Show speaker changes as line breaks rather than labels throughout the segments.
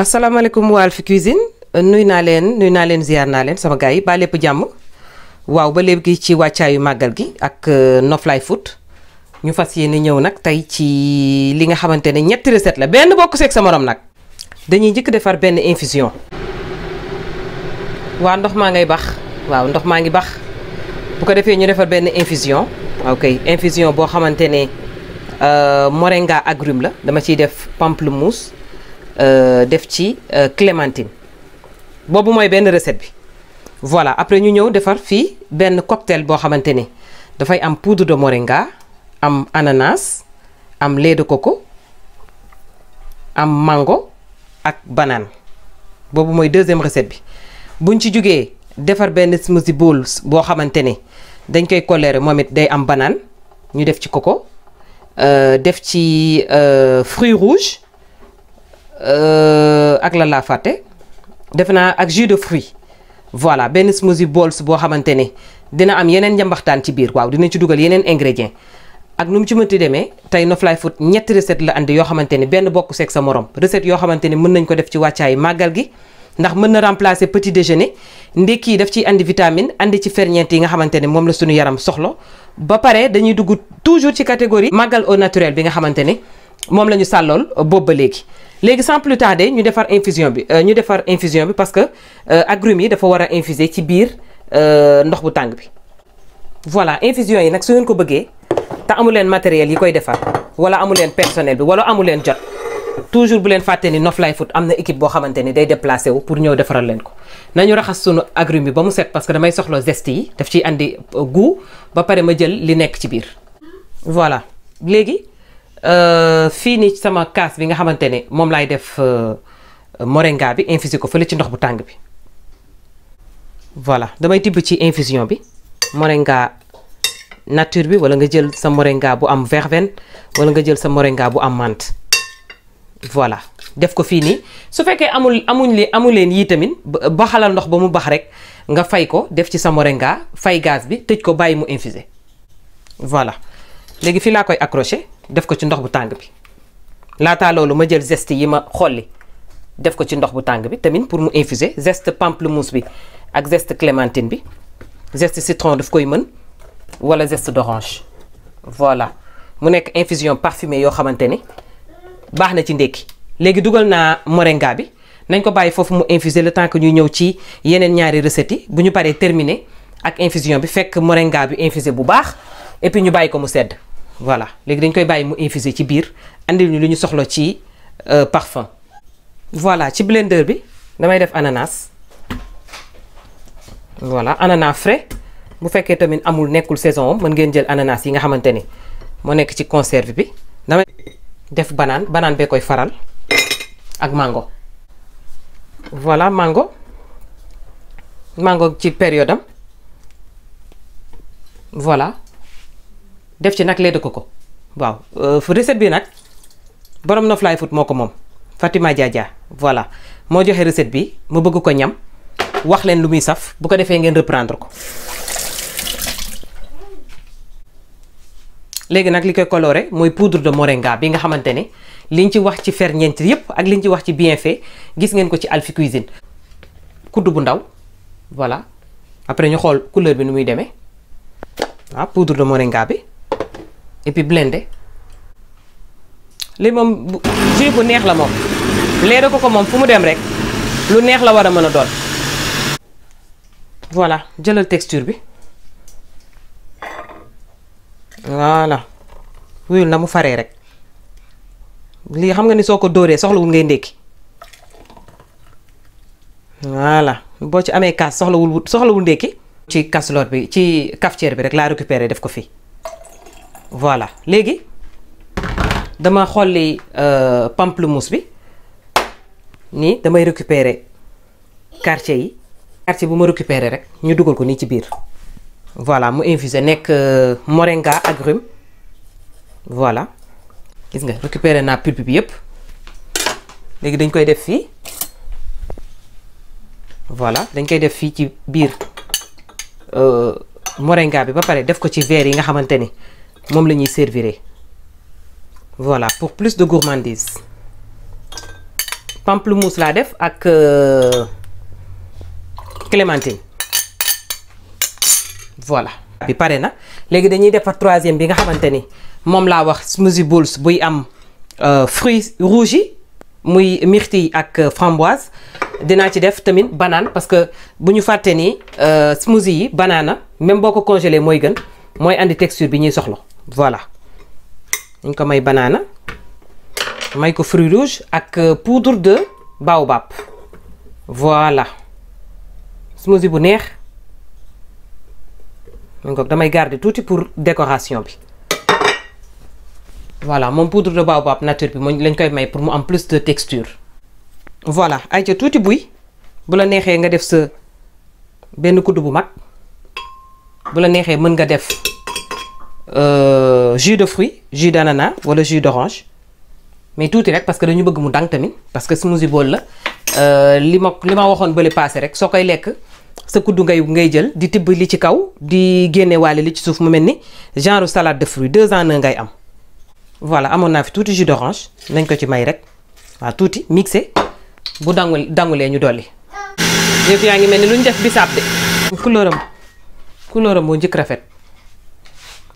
asalaamaaleykum waa Alphie Cuisine nuyu naa leen nuyu naa leen ziar naa leen sama gars yi ba lépp jàmm waaw ba léegi ci wàccaayu màggal gi ak euh, noflaay foot ñu fas yéene ñëw nag tey ci li nga xamante ne ñetti recette la benn bokk seeg sa morom nag dañuy njëkk defar benn infusion waa ndox maa ngay baax waaw ndox maa ngi baax bu ko defee ñu defar benn infusion ok infusion boo xamante ne euh, moringa agrume la dama ciy def pamplemousse Euh, def ci euh, clémentine boobu mooy benn recette bi voilà après ñu ñëw defar fii benn cocktail boo xamante ni dafay am poudre de moringa am ananas am lait de coco am mango ak banaan boobu mooy deuxième recette bi buñ ci jógee defar benn smoothie bowl boo xamante ni dañ koy colère moom it day am banaan ñu def ci coco euh, def ci fruits rouges Euh, ak lan laa fàtte defe naa ak jus de fruit voilà benn smoothie bowls boo xamante ne dina am yeneen njambaxtaan ci biir waaw dina ci dugal yeneen ingrédients ak nu mu ci mënti demee tey Noflay Food ñetti recette la indi yoo xamante ni benn bokku seeg sa morom recette yoo xamante ni mën nañ ko def ci wàccaay màggal gi ndax mën na remplacer petit déjeuner ndekki daf ciy andi vitamine indi ci ferñeent yi nga xamante ne moom la suñu yaram soxla ba pare dañuy dugg toujours ci catégorie màggal au naturel bi nga xamante ne moom la ñu sàllool boobu ba léegi léegi sans plus tarder ñu defar infusion bi euh, ñu defar infusion bi parce que euh, agrumes yi dafa war a infuser ci biir euh, ndox bu tàng bi. voilà infusion yi nag su ngeen ko bëggee te amu leen matériel yi koy defar wala amu leen personnel bi wala amu leen jot toujours bu leen fàtte ni Noflay Food am na équipe boo xamante ni day déplacé wu pour ñëw defaral leen ko. nañu raxas sunu agrumes bi ba mu set parce que damay soxla gest yi daf ciy andi goût ba pare ma jël li nekk ci biir voilà léegi. Euh, fii ni sama kaas bi nga xamante ne moom laay def euh, moringa bi infusé ko fële ci ndox bu tàng bi voilà damay tibb ci infusion bi moringa nature bi wala nga jël sa moringa bu am verveine wala nga jël sa moringa bu am menthe voilà def ko fii nii su fekkee amul amuñ leen amu leen yii tamit baxalal ndox ba mu bax rek nga fay ko def ci sa moringa fay gaz bi tëj ko bàyyi mu infusé voilà léegi fii laa koy accroché def ko ci ndox bu tàng bi laataa loolu ma jël gest yi ma xolli def ko ci ndox bu tàng bi tamit pour mu infuser zeste pamplemousse bi ak zeste clémentine bi zeste citron daf koy mën wala zeste d'orange voilà mu nekk infusion parfumée yoo xamante ni baax na ci ndékki léegi dugal naa moringa bi nañ ko bàyyi foofu mu infuser le temps que ñuy ñëw ci yeneen ñaari recettes yi bu ñu paree terminer ak infusion bi fekk moringa bi infusé bu baax et ñu bàyyi ko mu sedd voilà léegi dañ koy bàyyi mu infuser ci biir andil ñu lu ñu soxla ci euh, parfum voilà ci blender bi damay def ananas voilà ananas frais bu fekkee tamit amul nekkul saison mën ngeen jël ananas yi nga xamante ni moo nekk ci conserve bi damay def banaan banaan bee koy faral ak mango voilà mango mango ci période am voilà def ci nag lait de ko waaw euh, recette bi nag borom na fly food moo ko moom Fatima Diadia voilà moo joxe recette bi ma bëgg ko ñam wax leen lu muy saf bu ko defee ngeen reprendre ko. léegi nag li koy coloré mooy poudre de moringa bi nga xamante ni liñ ci wax ci ferñeent yépp ak liñ ci wax ci bienfait gis ngeen ko ci Alphie Cuisine. kudd bu ndaw voilà après ñu xool couleur bi nu muy demee waaw ah, poudre de moringa bi. et puis blindé li moom jus bu neex la moom leera ko ko moom fu mu dem rek lu neex la war a mën a doon voilà jëlal texture bi voilà wuyul na mu faree rek lii xam nga ni soo ko dóoree soxlawul ngay ndékki voilà boo ci amee kaas soxlawul soxlawul ndékki ci casserole bi ci cafetière bi rek laa récupéré def ko fii voilà léegi dama xolli euh, pamplemousse bi nii damay récupérer quartier yi quartier bu ma récupérer rek ñu dugal ko nii ci biir voilà mu infusé nekk euh, moringa agrume voilà gis nga récupérer naa pulpe bi yëpp léegi dañ koy def fii voilà dañ koy def fii ci biir euh, moringa bi ba pare def ko ci verre yi nga xamante ni moom la ñuy servir voilà pour plus de gourmandise pamplemousse laa def ak euh, clémentine voilà. bi pare na léegi dañuy defar troisième bi nga xamante ni moom laa wax smoothie bowls buy am euh, fruits rouges yi muy myrtille ak euh, framboise dinaa ci def tamit banane parce que bu ñu fàtte ni smoothie yi banana même boo ko congelé mooy gën mooy indi texture bi ñuy soxla. voilà dañ ko may banaana may ko fruit rouge ak euh, poudre de baobab voilà smoothie bu neex mu ko damay garder tuuti pour décoration bi voilà moom poudre de baobab nature bi moo lañ koy may pour mu am plus de texture voilà ay ca tuuti buy bu la neexee nga def sa benn kudd bu mag bu la neexee mën nga def Euh, jus de fruit jus d'ananas wala jus d'orange mais tuuti rek parce que dañu bëgg mu dang tamit parce que smoothie bowl la euh, li ma li ma waxoon bële paase rek soo koy lekk sa kuddu ngay ngay jël di tibb li ci kaw di génne waale li ci suuf mu mel ni genre salade de fruits deux en un ngay am. voilà amoon naa fi tuuti jus d'orange nañ ko ci may rek waaw tuuti mixé bu dangu dangulee ñu dolli. yëpp yaa ngi mel ni lu ñu def bisaab de. couleur am couleur moo njëkk rafet.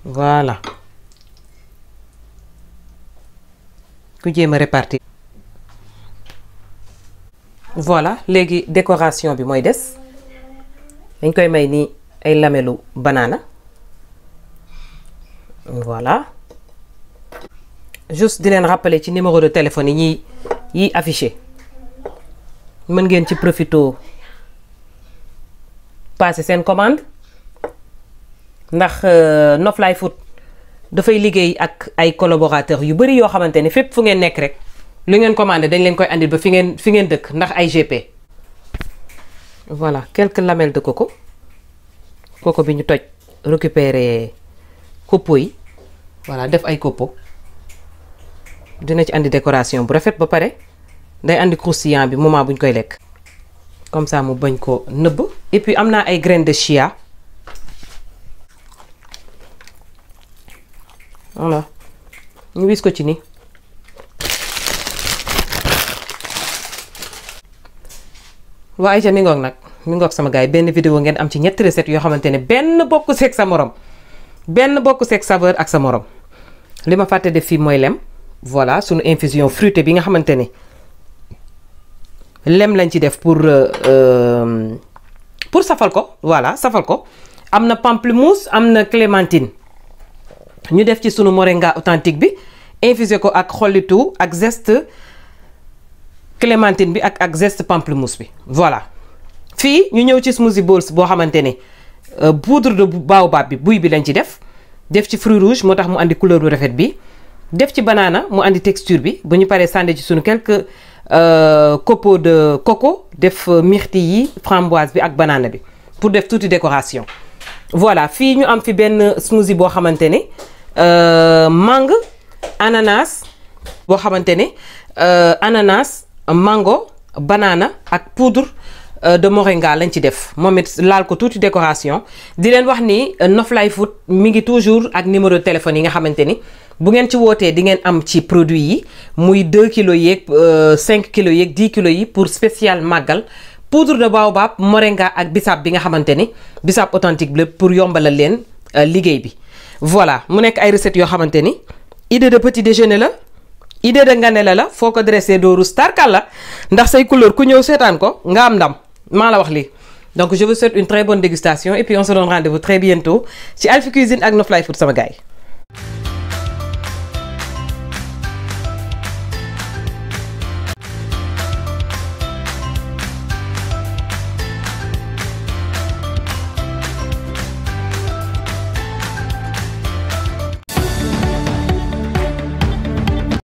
voilà ku jéem a voilà léegi décoration bi mooy des dañ koy may ni ay lamelu banaana voilà juste di leen rappeler ci numéro de téléphone yi ñiy yiy affiché mën ngeen ci profito passer seen commande ndax euh, Noflay Food dafay liggéey ak ay collaborateurs yu bëri yoo xamante ne fépp fu ngeen nekk rek lu ngeen commandé dañ leen koy indi ba fi ngeen fi ngeen dëkk ndax ay GP. voilà quelques lamelles de coco coco bi ñu toj récupérer copeaux yi voilà def ay copeaux dina ci andi décoration bu rafet ba pare nday indi croustillant bi moment bu ñu koy lekk. comme ça mu bañ ko nëbb. et puis am naa ay graines de chia. voilà ñu ko ci ni waaye ca mi ngoog nag mi sama gaay benn vidéo ngeen am ci ñetti recette yoo xamante ne benn bokk seek sa morom benn bokku seek saveur ak sa moroom li ma fàtte def fii mooy lem voilà suñu infusion fruitée bi nga xamante ne lem lañ ci def pour euh, euh, pour safal ko voilà safal ko am na pamplemousse am na clémentine ñu def ci sunu moringa authentique bi infusé ko ak xollitu ak gest clémentine bi ak ak zeste pamplemousse bi voilà fii ñu ñëw ci smoothie bowls boo xamante ne euh, poudre de baobab bi buy bi lañ ci def def ci fruit rouge moo tax mu indi couleur bu rafet bi def ci banaana mu andi texture bi bu ñu paree sànde ci sunu quelques euh, copeaux de coco def euh, myrtille yi framboise bi ak banaana bi pour def tuuti décoration voilà fii ñu am fi benn smoothie boo xamante ne Euh, mangue ananas boo xamante ne euh, ananas mango banaana ak poudre euh, de moringa lañ ci def moom laal ko tuuti décoration di leen wax ni Noflay Food mi ngi toujours ak numéro téléphone yi nga xamante ni bu ngeen ci wootee di ngeen am ci produit yi muy 2 kilos yeeg 5 kilos yeeg 10 kilos yi pour spécial màggal poudre de baobab moringa ak bisaab bi nga xamante ni bisaab authentique bi pour yombalal leen liggéey bi. voilà mu nekk ay recettes yoo xamante ni idée de petit déjeuner la idée de ngane la la foo ko dressé dooru starkal la ndax say couleur ku ñëw seetaan ko nga am ndam maa la wax lii donc je vous souhaite une très bonne dégustation et puis on se donne rendez-vous très bientôt ci Alphie Cuisine ak Noflay Food sama gars yi